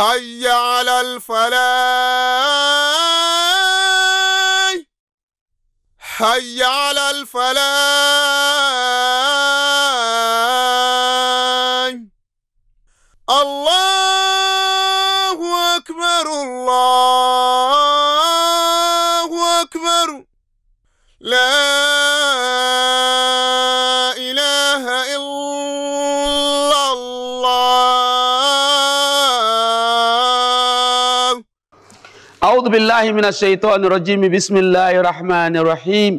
حي على الفلاي حي على الفلاي الله أكبر الله بالله من الشيطان الرجيم بسم الله الرحمن الرحيم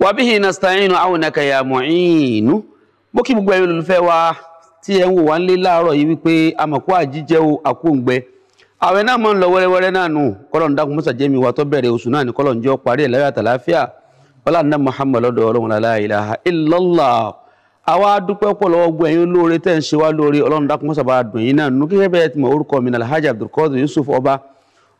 وبه نستعين عونك يا معين mo kí gbogbo ẹ̀yin olùfẹ́ wa tí ẹ ń wò wá nílé láàárọ̀ yìí wípé amọ̀kú àjíjẹ́ o àkóǹgbẹ àwẹ̀ náà máa ń lọ wẹ́rẹ́wẹ́rẹ́ náà nù kọ́lọ́n dákun wa tó bẹ̀rẹ̀ oṣù náà ní kọ́lọ́n jẹ́ parí ẹ̀ láyọ̀ àtàláfíà wọ́lá ní Muhammad lọ́dọ̀ ọlọ́run la ilaha illallah àwa dúpẹ́ pọ̀ lọ́wọ́ gbọ́ ẹ̀yin olóore tẹ́ ń ṣe wá lóore ọlọ́run dákun mọ́sà bá dùn yín náà nù mo orúkọ mi ní Alhaji Abdulkadir Yusuf ọba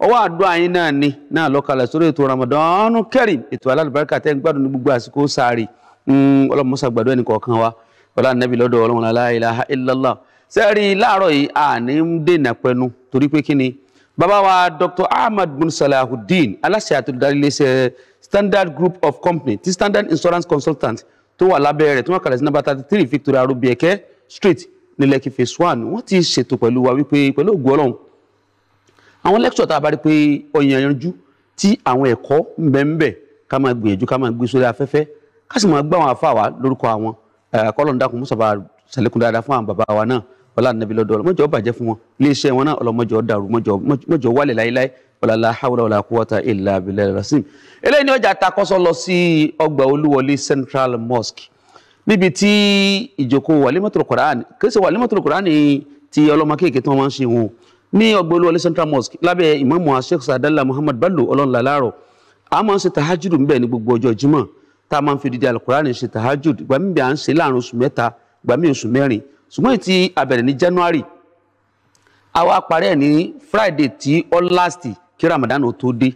ọwọ́ àdúrà yín náà ni náà lọ́kàlẹ̀ sórí ètò Ramadan Kareem ètò alálùbáríkà tẹ́ ń gbádùn ní gbogbo àsìkò sáré hmm, ọlọ́mọṣà gbàdúrà ẹnì kọ̀ọ̀kan wa ọlá nàbí lọ́dọ̀ ọlọ́run la ilaha illallah sẹ́ẹ̀rì láàárọ̀ yìí àní ń dènà pẹnu torí pé kí ni bàbá wa Dr. Ahmed bin Salahuddin aláṣẹ àtòlùdarílẹ̀ṣẹ̀ Standard Group of Company ti Standard Insurance Consultant tó wà lábẹ́ rẹ̀ tó wà kalẹ̀ sí number thirty three Victoria Rubieke Street ní Lekki phase one wọ́n ti ṣètò pẹ̀lú wa wípé pẹ̀lú ògùn ọlọ́run àwọn lecture tá a bá rí pé ọ̀yàn yanjú tí àwọn ẹ̀kọ́ ńbẹ̀ńbẹ̀ ká máa gbìyànjú ká máa gbé sórí afẹ́fẹ́ ká sì máa gbá àwọn afá wa lórúkọ àwọn kọ́lọ̀ ń dákun mọ́sàbà sàlékún dáadáa fún àwọn bàbá wa náà ọlá nàbí lọ́dọ̀ ọlọ́ mọ́jọ́ bàjẹ́ fún wọn iléeṣẹ́ wọn náà ọlọ́mọjọ́ dàrú mọ́jọ́ wálẹ̀ láíláí ọ̀làlá hawla wàlà kúwọ́ta ìlà abilẹ̀ rasim. eléyìí ni ọjà takọ́sọ lọ sí ọgbà olúwọlé central mosque níbi tí ìjókòó walimatul Qur'an kìí ṣe walimatul Qur'an ti ọlọ́mọ kéèké tí wọ́n máa ń ṣe wọn ní ọgbọ́n olúwọlé central mosque lábẹ́ ìmáàmù sheikh sadala muhammad bello ọlọ́run làlárọ̀ a máa ń ṣe tahajud ń bẹ̀ ní gbogbo ọjọ́ jímọ̀ tá a máa ń fi dídí alukurani ṣe tahajud ìgbà míì à ń ṣe láàrin oṣù mẹ́ta ìgbà míì oṣù mẹ́rin ṣùgbọ́n ti àbẹ̀rẹ̀ ní january àwa parẹ́ ní friday tí ó last kí ramadan ó tó dé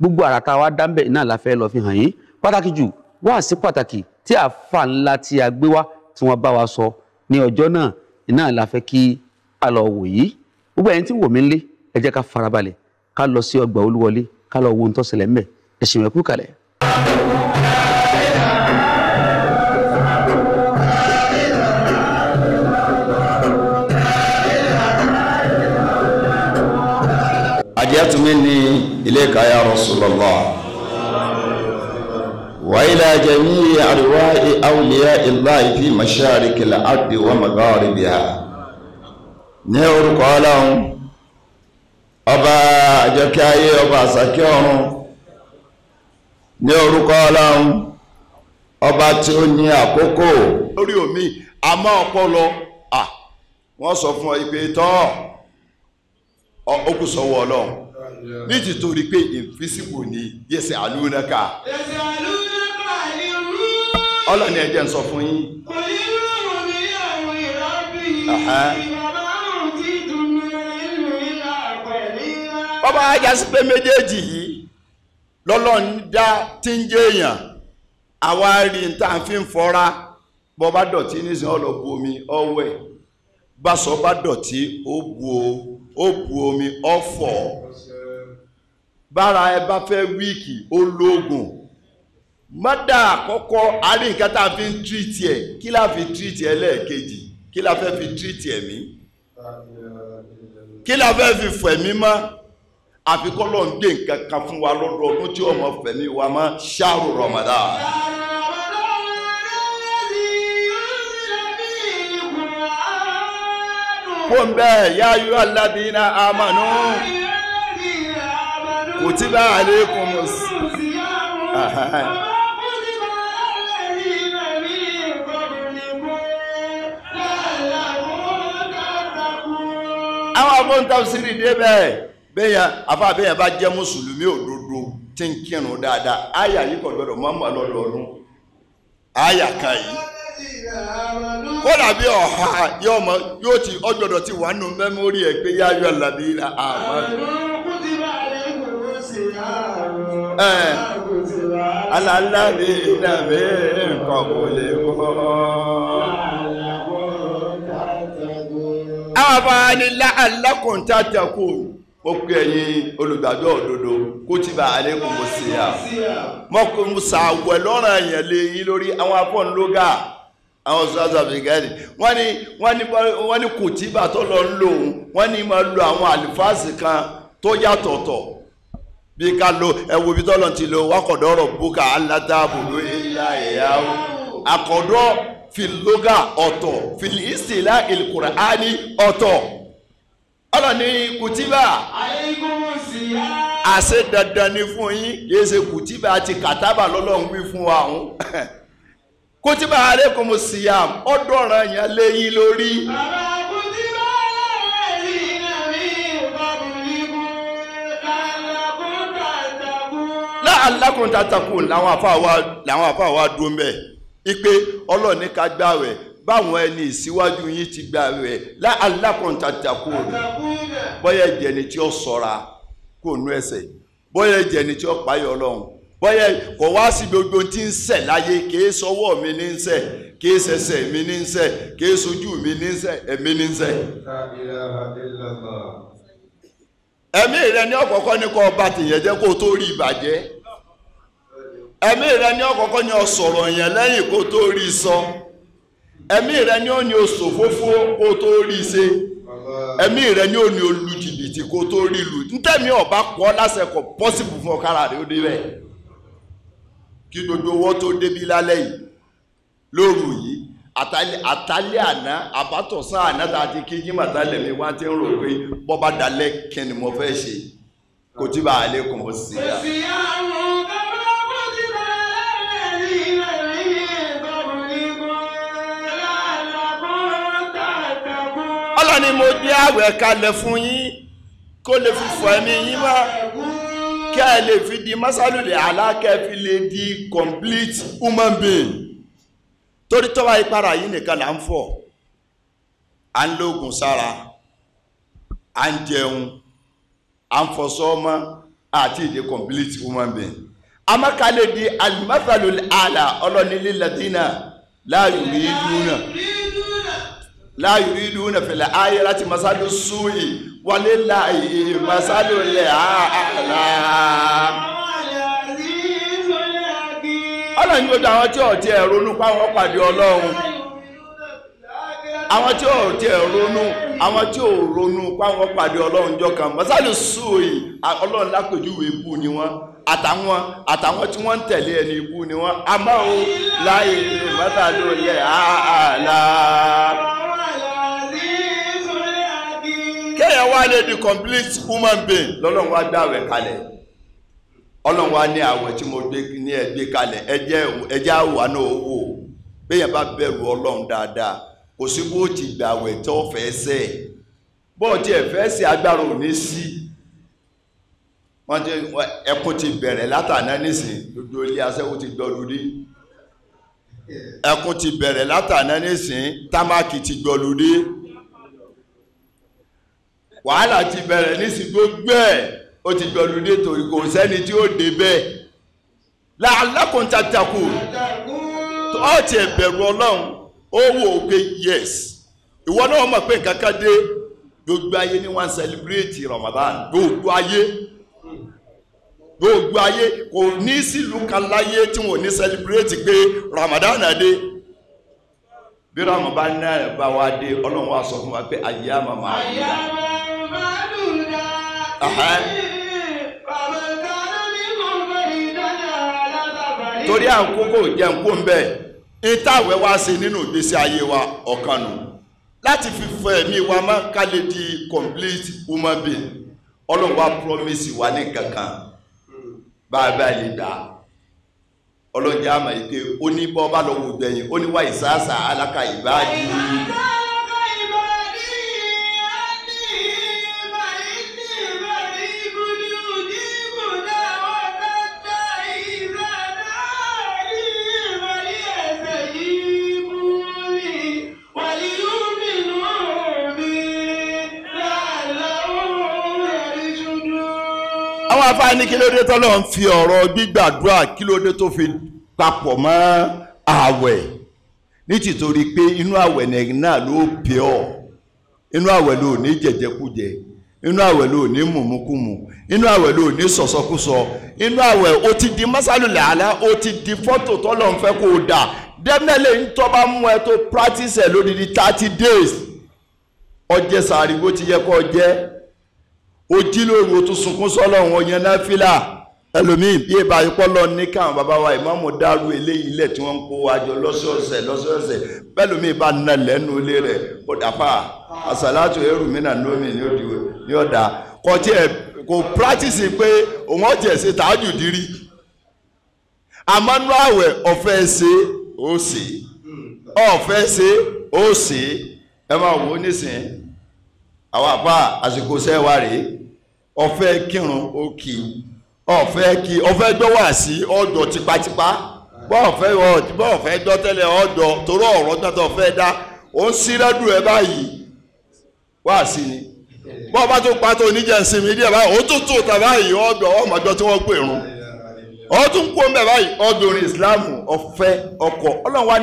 gbogbo àrà tá a wá dáńbẹ̀ iná la fẹ́ lọ fi hàn yín pàtàkì jù wá sí pàtàkì tí àfa ńlá tí a gbé wá tí wọ́n bá wa sọ ní ọjọ́ náà iná la fẹ́ kí a lọ wò yìí gbogbo ẹ̀yin tí wò mí lé ẹ ká farabalẹ̀ ká lọ sí ọgbà olúwọlé ká lọ wo ohun tó ṣẹlẹ̀ ńbẹ̀ ẹ ṣì mẹ́kú kalẹ̀. حاجات مني إليك يا رسول الله وإلى جميع أرواح أولياء الله في مشارق الأرض ومغاربها ní orúkọ ọlọ́run ọba àjọkẹ́ ayé ọba àsàkẹ́ ọ̀run ní orúkọ ọlọ́run ọba tí ó ní àkókò lórí omi àmọ́ ọpọlọ à wọ́n sọ fún ọ ìpè tọ́ okùsọ̀wọ́ ọlọ́run ní tìtorí pé invisible ni yẹsẹ̀ àlùnáka yẹsẹ̀ àlùnáka ni rú ọlọ́ni ẹ̀jẹ̀ ń sọ fún yín. kò ní rú omi ní àwọn ìrọ́bì yìí. ọba ajásí pé méjèèjì yìí lọ́lọ́run dá tí ń jẹ́ èèyàn àwa rí n tá à ń fi ń fọ́ra bọ́ bá dọ̀tí nísìnyí ọ̀lọ́ bu omi ọ̀wẹ̀ gbàsọ bá dọ̀tí ó bu ó bu omi ọ̀fọ̀ bára ẹ bá fẹ́ wíìkì ó lóògùn mọ́dà àkọ́kọ́ àrí nǹkan tá a fi ń tírìtì ẹ̀ kí la fi tírìtì ẹ lẹ́ẹ̀kejì kí la fẹ́ fi tírìtì ẹ̀mí kí la fẹ́ fi fẹ̀mí mọ́ àfikọ́ lọ ń gbé nǹkan kan fún wa lọ́dọọdún tí ọmọ fẹ̀mí wa mọ́ ṣáàrù Ramadan. fún bẹ́ẹ̀ yá yú aládìínà àmànú kò tí bá àlékún mu sí. àwọn afọ́ntàfsírì dé bẹ́ẹ̀. bẹ́yàn aba bẹ́yàn bá jẹ́ mùsùlùmí òdodo tí ń kírun dáadáa àyà yìí kò gbọdọ̀ mọ́ mọ́ lọ́dọọdún àyà kan yìí kódà bí ọ̀ha yóò mọ yóò ti ọgbọ̀dọ̀ ti wà nù mẹ́mórì ẹ̀ pé yá yọ làbí Ala alálàbí ìdàbí nǹkan kò lè wọ́. àwọn mo pe ẹ̀yin olùgbàgbọ́ òdodo kó tí bá a lè kó mo sí a mo kó mo sàwẹ̀ lọ́rọ̀ èèyàn lé yín lórí àwọn afọ́nlógà àwọn south africans wọ́n ní wọ́n ní wọ́n ní kò tí bá tó lọ ń lò òun wọ́n ní máa lo àwọn àlìfáàsì kan tó yàtọ̀tọ̀ bí ká lo ẹ̀wò ibi tọ́lọ̀ ti lo wákọ̀dọ́rọ̀ bùkà aládàbò ló ilá ẹ̀yà o àkọ́dọ́ fìlógà ọ̀tọ̀ fìlísìlá ìlkùránì ọ̀tọ̀ ọlọ́ni kùtìbà àṣẹ dandan ni fún yín kì í ṣe kùtìbà àti kàtàbà lọ́lọ́run wí fún wa ọ̀hún kùtìbà alaykum siyam ọdún ọ̀ràn yẹn lé yín lórí. alákùnrin tàtàkùn làwọn afáwa làwọn afáwa dùn bẹ́ẹ̀ ipe ọlọ́ọ̀ni ká gbáwẹ̀ báwọn ẹni ìsíwájú yín ti gba rẹ̀ alákọ̀ntàtàkù rẹ̀ bọ́yá ẹ̀jẹ̀ ni tí ó sọ̀ra kò nú ẹsẹ̀ bọ́yá ni tí ó payọ̀ bọ́yá kò wá sí gbogbo tí ń ṣẹ̀ láyé kìí sọwọ́ mi ní ń kìí mi ní ń kìí mi ní ń ẹ̀mí ní ń ẹ̀mí rẹ ní ọ̀kọ̀ọ̀kọ́ ní kó ọba tìyẹn jẹ́ kó tó rí ìbàjẹ́ ẹ̀mí rẹ ní ọ̀kọ̀ọ̀kọ́ yẹn sọ. ẹ̀mí rẹ ni ó ní òṣòfófó kó tó rí ṣe ẹ̀mí rẹ ni ó ní olùjìbìtì kó tó rí lù ntẹ̀mí ọ̀bá pọ̀ lásẹ̀kọ̀ pọ́sibù fún ọ̀kára rẹ ó débẹ̀ kí gbogbo owó tó débi lálẹ́ yìí lóru yìí àtàlẹ́ àná àbátọ̀sán àná tá a ti kí yín màtálẹ̀ mi wá ti ń rò pé bọ́bá dalẹ̀ kí mo fẹ́ ṣe kò tí bá a lè kàn ó sí i. ọlọ́run ni mo gbé àwẹ̀ kalẹ̀ fún yín kó lè fi fọ ẹ̀mí yín mọ́ kẹ́ ẹ lè fi di mọ́sálùlẹ̀ alákẹ́ fi lè di complete human being torí tọ́wá ìpara yìí nìkan là ń fọ̀ à ń lóògùn sára à ń jẹun à ń fọṣọ ọmọ àti ìdí complete human being amákalẹ̀ di alimasalùlẹ̀ àlà ọlọ́nilé ladina láàyò rí dúró náà. la yuriduna fil ayati masalu su'i walillahi masalu al-a'la ọlọ́run ni ó da àwọn tí ò tiẹ̀ ronú pa pàdé ọlọ́run àwọn tí ò ronú àwọn tí ò ronú pa pàdé ọlọ́run masalu ọlọ́run lápèjúwe ni àtàwọn àtàwọn tí ń tẹ̀lé ẹni ni a kéèyàn wá lè di complete human being lọ́lọ́run wá dá àwẹ̀ kalẹ̀ ọlọ́run wá ní àwẹ̀ tí mo gbé ní ẹgbẹ́ kalẹ̀ ẹjẹ́ àwọ̀ àná owó béèyàn bá bẹ̀rù ọlọ́run dáadáa kò sí bó ti gbà àwẹ̀ tó fẹ́ sẹ́ bọ́ọ̀tì ẹ̀fẹ́ sí agbára ò ní sí wọ́n ti ẹkún ti bẹ̀rẹ̀ látàná nísìn gbogbo ilé aṣẹ́wó ti gbọ́lu rí ẹkún ti bẹ̀rẹ̀ látàná nísìn támákì ti gbọ́lu rí. wàhálà ti bẹ̀rẹ̀ nísìnyí gbogbo ẹ̀ ó ti gbọ́dọ̀ ní torí kò sẹ́ni tí ó dé bẹ́ẹ̀ làálàkùn tó ọ̀ tiẹ̀ bẹ̀rù ọlọ́run ó wò ó pé yes ìwọ náà mọ̀ pé nǹkan dé gbogbo ayé ni wọ́n Ramadan gbogbo ayé gbogbo ayé kò ní sílùú kan láyé tí wọn ò ní pé Ramadan bí Ramadan náà bá wá dé ọlọ́run sọ fún wa pé ayé معدودا torí à ń kó kò jẹ́ ń kó ń bẹ́ẹ̀ ní táwẹ̀ wá ṣe nínú ìgbésí ayé wa ọ̀kan nù láti fi fọ ẹ̀mí wa mọ́ ká lè di complete human being ọlọ́run wa promise wa ní kankan bàbá lè dà ọlọ́run jẹ́ àmọ̀ ìpè ó ní bọ́ bá lọ́wọ́ gbẹ̀yìn ó ní wá ìsáàsà alákà ìbáàdì. àwọn afá ní kí ló dé tọ́lọ́ ń fi ọ̀rọ̀ gbígbàdúrà kí ló dé tó fi papọ̀ mọ́ àwẹ̀ nítìtorí pé inú àwẹ̀ náà ló pè ọ́ inú àwẹ̀ ló ní jẹjẹkújẹ inú àwẹ̀ ló ní mùmúkùmù inú àwẹ̀ ló ní sọ̀sọ́kúsọ inú àwẹ̀ ó ti di mọ́sálùlẹ̀ àlá ó ti di fọ́tò tọ́lọ́ ń fẹ́ kó o dà dẹ́mẹ́lẹ̀ ń tọ́ba mú ẹ tó practice ẹ̀ lódidi thirty days ọjẹ́ sàrí bó ti yẹ kó jẹ́ ó jí lóru ó tún sunkún sọ́lọ́run ó yan náfìlà ẹlòmíì bí ìbá ìpọ́lọ́ ní káwọn bàbá wa ìmáàmù dárú eléyìí lẹ̀ tí wọ́n ń kó àjọ lọ́sọ̀ọ̀sẹ̀ lọ́sọ̀ọ̀sẹ̀ bẹ́lòmíì bá na lẹ́nu ilé rẹ̀ kó dàpá àsàlátù ẹrù mí náà nómi ní ọ̀dà kò tiẹ̀ kò practice pé òun ọ̀jẹ̀ ṣe tààjù dírí àmọ́nú àwẹ̀ ọ̀fẹ́ ṣe ó ṣe ọ̀fẹ́ ṣe ó ṣe ẹ máa wò ó nísìnyí àwọn àpá àsìkò sẹ́wàá rèé ọ̀fẹ́ kírun ó Ọfẹ ọ̀fẹ́ kì ọ̀fẹ́ sí ọ̀dọ̀ tipatipa bọ́ ọ̀fẹ́ bọ́ ọ̀fẹ́ dọ́ tẹ́lẹ̀ ọ̀dọ̀ torí ọ̀rọ̀ dá ó ń sí tó pa tó báyìí ó tún tún tí pè tún kó mbẹ báyìí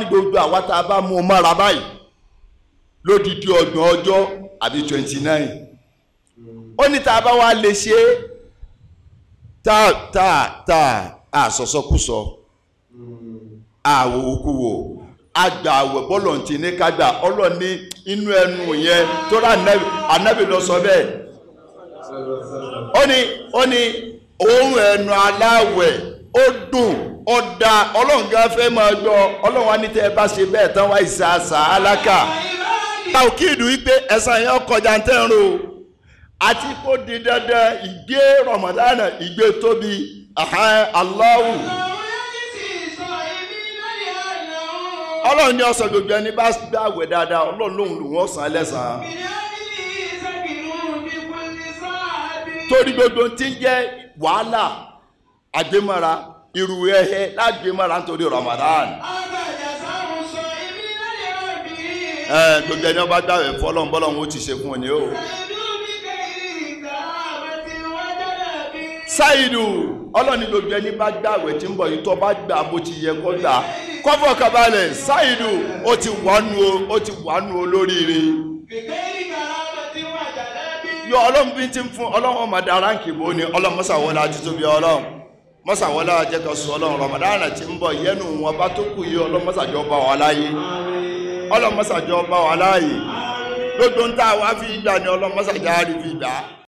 gbogbo bá mú un mára báyìí ó ní tá a bá wá lè ṣe é tá tá tá àsọsọkúsọ àwòkúwò àgbà àwẹ̀ bọ́lọ̀ ti ní kágbà ọlọ́ọ̀ ní inú ẹnu yẹn tó rà ànábì lọ sọ bẹ́ẹ̀ ó ní ó ní òórùn ẹnu aláwẹ̀ ó dùn ó da ọlọ́run gan fẹ́ máa wa ní tẹ́ ẹ bá ṣe bẹ́ẹ̀ tán wá ìsàsà alákà. ta ò kí ìdùn yìí pé ẹ̀sán yẹn ọkọ̀ àti kó di dandan ìgbé rọmọdánà ìgbé tóbi aláwù. ọlọ́run ní ọ̀sán gbogbo ẹni bá gbé dáadáa ọlọ́run lòun lòun ọ̀sán ẹlẹ́sàn-án. gbogbo tí ń jẹ́ wàhálà àgbémọ́ra irú ẹ̀hẹ́ lágbémọ́ra nítorí ramadan. gbogbo ẹni ọba gbàwẹ̀ fọlọ́nbọ́lọ́n ó ti ṣe fún o. ṣáìdù ọlọ́ni gbogbo ẹni bá gbà àwẹ̀ tí ń bọ̀ yìí tó bá gbà bó ti yẹ kó gbà kọ́fọ̀ kabalẹ̀ ṣáìdù ó ti wánu ó ti wánu olóríire. kèké ìgbàlá yọ ọlọ́run bí ti ń fún ọlọ́run ọmọdé aráǹkì ọlọ́run ọlọ́run sọ ọlọ́run ń bọ̀ yẹnu wọn bá